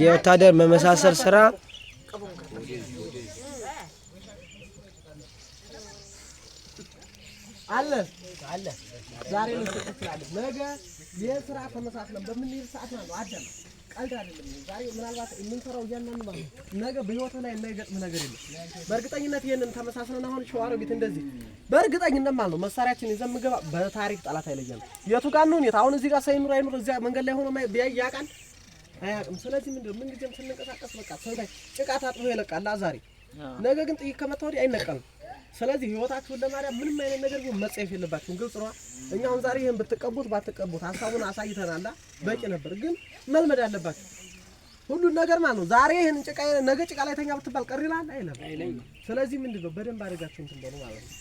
የወታደር መመሳሰል ስራ አለ አለ። ዛሬ ነው ትችላለህ። ነገ የስራ ተመሳስለን በምንሄድ ሰዓት ነው አደም ቀልድ አይደለም። ዛሬ ምናልባት የምንሰራው እያንዳንዱ ማለት ነገ በህይወት ላይ የማይገጥም ነገር የለም። በእርግጠኝነት ይሄንን ተመሳስለን አሁን ሸዋሮ ቤት እንደዚህ በእርግጠኝነት ማለት ነው መሳሪያችን ይዘን የምንገባ በታሪክ ጠላት አይለየንም። የቱ ጋር ነው? አሁን እዚህ ጋር ሳይኑር አይኑር እዚያ መንገድ ላይ ሆኖ ያውቃል አያውቅም። ስለዚህ ምንድነው ምንጊዜም ስንንቀሳቀስ በቃ ሰው ጭቃ ታጥቦ ይለቃል ዛሬ ነገ ግን ጥይት ከመታ ወዲህ አይነቀልም። ስለዚህ ህይወታችሁን ለማዳን ምንም አይነት ነገር ግን መጸየፍ የለባችሁም። ግልጽ ነው። እኛ አሁን ዛሬ ይህን ብትቀቡት ባትቀቡት ሀሳቡን አሳይተናላ በቂ ነበር። ግን መልመድ አለባችሁ ሁሉን ነገር ማለት ነው። ዛሬ ይህን ጭቃ ነገ ጭቃ ላይ ተኛ ብትባል ቀር ይላል አይለም። ስለዚህ ምንድን ነው በደንብ አድርጋችሁ እንትን በሉ ማለት ነው።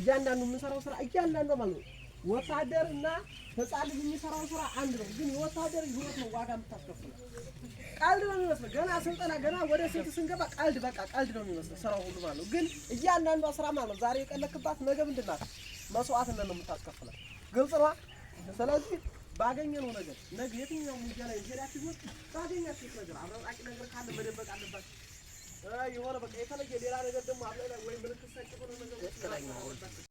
እያንዳንዱ የምንሰራው ስራ እያንዳንዱ ማለት ነው ወታደር እና ህፃን ልጅ የሚሰራው ስራ አንድ ነው፣ ግን የወታደር ህይወት ነው ዋጋ የምታስከፍለው። ቀልድ ነው የሚመስለው። ገና ስልጠና ገና ወደ ስልት ስንገባ ቀልድ በቃ ቀልድ ነው የሚመስለው ስራው ሁሉ ማለት ነው። ግን እያንዳንዷ ስራ ማለት ነው ዛሬ የቀለክባት ነገ ምንድን ናት መስዋዕትነት ነው የምታስከፍለው። ግልጽ ነው። ስለዚህ ባገኘነው ነገር ነገ የትኛውም ሚዲያ ላይ ሄዳችሁ ሲሆን ነገር አብረጣቂ ነገር ካለ መደበቅ አለባችሁ። የሆነ በቃ የተለየ ሌላ ነገር ደግሞ አብላይ ላይ ወይ ምልክት ሰጭ ሆነ ነገር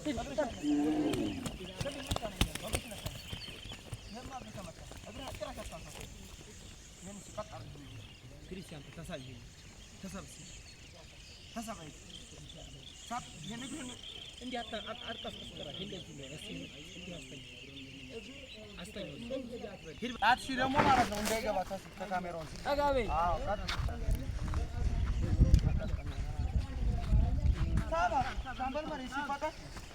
ደግሞ ማለት ነው እንዳይገባ ከካሜራው ሲጠጋ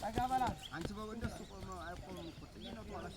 ጠጋ በላት አንቺ በእንደሱ ቆሞ አይቆምም እኮ ጥዬ አላሻ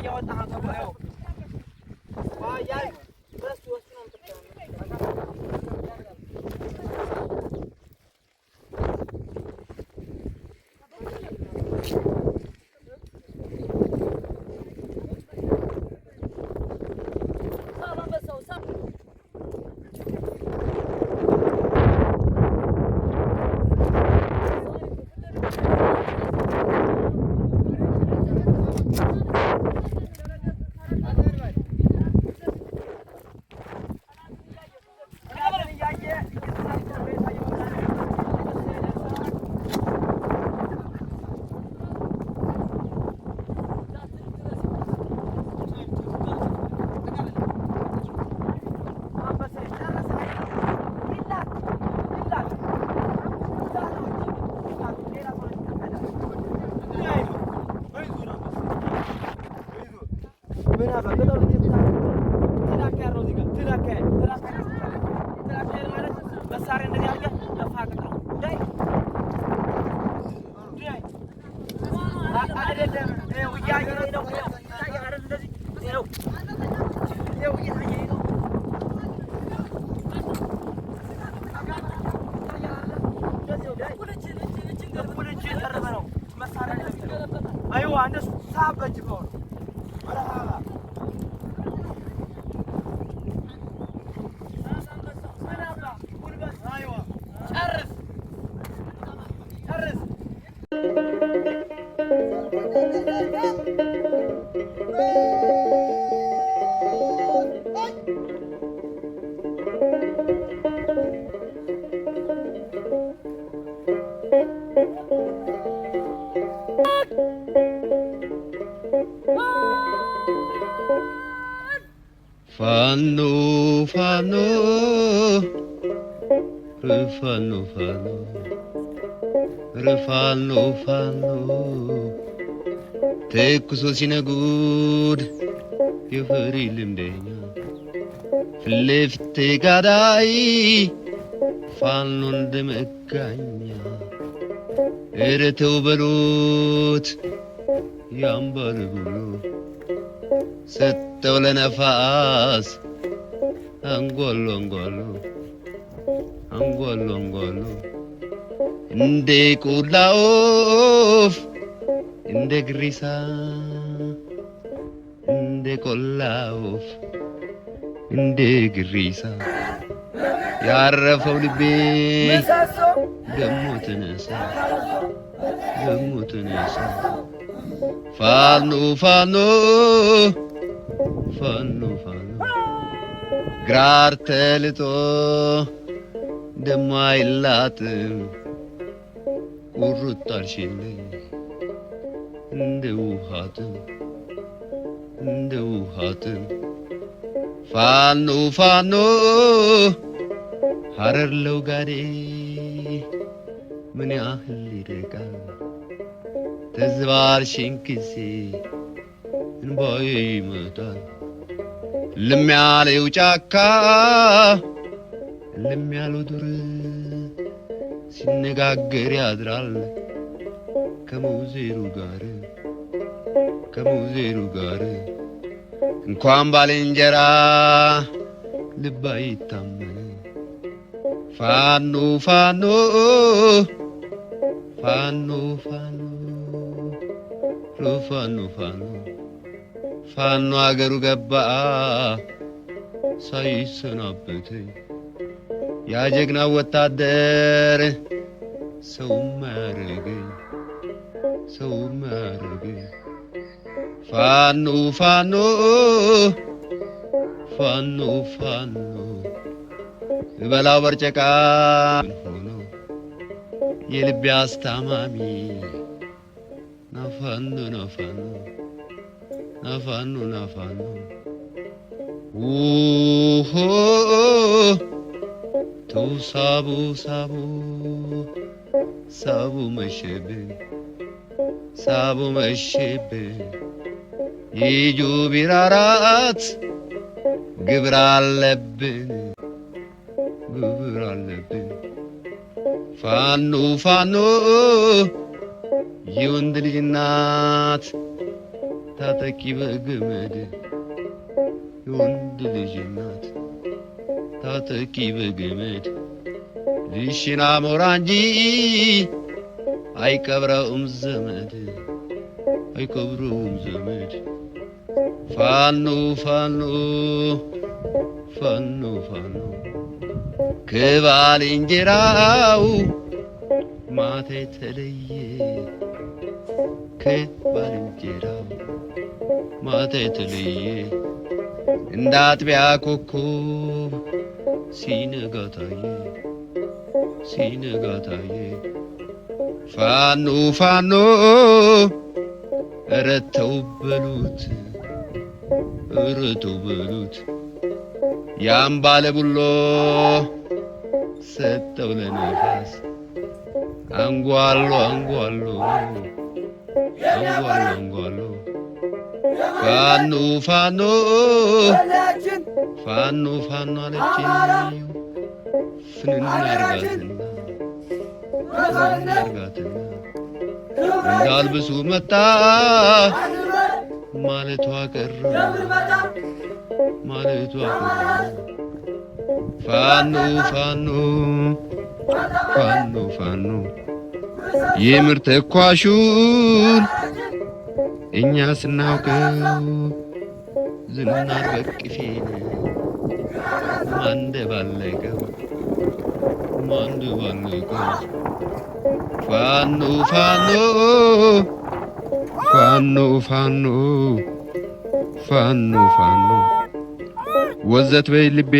Ayaw, tahang ka mo. Bayay! አንድ ሳበጅ ነው Fanu fanu Rıfanu fanu Rıfanu fanu Tekusu sinagud Yuhurilim denya Flifte gadai Fanun demekanya Eretev belut Yambar bulu Set ሰጠው ለነፋስ አንጎሎ አንጎሎ አንጎሎ አንጎሎ እንደ ቁላ ወፍ እንደ ግሪሳ እንደ ቆላ ወፍ እንደ ግሪሳ ያረፈው ልቤ ደሞ ተነሳ ደሞ ተነሳ ፋኖ ፋኖ fannu fannu ግራርተልቶ ደማይላትም ቁርጣልሽል እንደ ውሃትም እንደ ውሃትም ፋኖ ፋኖ ሀረር ለውጋዴ ምን ያህል ይርቃል ተዝባርሽን ጊዜ እንባዬ ይመጣል እልም ያለው ጫካ እልም ያለው ዱር ሲነጋገር ያድራል ከሙዜሩ ጋር ከሙዜሩ ጋር እንኳን ባልንጀራ ልብ አይታመን ፋኖ ፋኖ ፋኖ ፋኖ ፋኖ ፋኖ ፋኖ አገሩ ገባ ሳይሰናበት ያጀግና ወታደር ሰው ማረገኝ ሰው ማረገኝ ፋኖ ፋኖ ፋኖ ፋኖ እበላው በርጨቃ ሆኖ የልቤ አስታማሚ ናፋኖ ናፋኖ ናፋኖ ናፋኖ ውሆ ተው ሳቡ ሳቡ ሳቡ መሸብን ሳቡ መሸብን የጆ ቢራራት ግብር አለብን ግብር አለብን ፋኖ ፋኖ የወንድ ልጅ ታጠቂ በገመድ የወንድ ልጅ እናት ታጠቂ በገመድ ልሽና ሞራ እንጂ አይቀብረውም ዘመድ አይቀብረውም ዘመድ ፋኖ ፋኖ ፋኖ ፋኖ ከባል እንጀራው ማታ የተለየ ከባልንጀራው ማታ የተለየ እንደ አጥቢያ ኮከብ ሲነጋ ሲነጋታየ ፋኖ ፋኖ ኧረ በሉት ኧረ በሉት ያም ባለ ቡሎ ሰጠው ለነፋስ አንጓሎ አንጓሎ አንጓሎ አንጓሎ ፋኖ ፋኖ ፋኖ ፋኖ አለችኝ ፍንን እንዳልብሱ መጣ ማለቷ ቀረ ማለቷ ቀረ ፋኖ ፋኖ ፋኖ ፋኖ የምር ተኳሹን እኛ ስናውቀው ዝናር በቅፌን ማንደባለቀው ማንደባለቀው ፋኖ ፋኖ ፋኖ ፋኖ ፋኖ ፋኖ ወዘት በይ ልቤ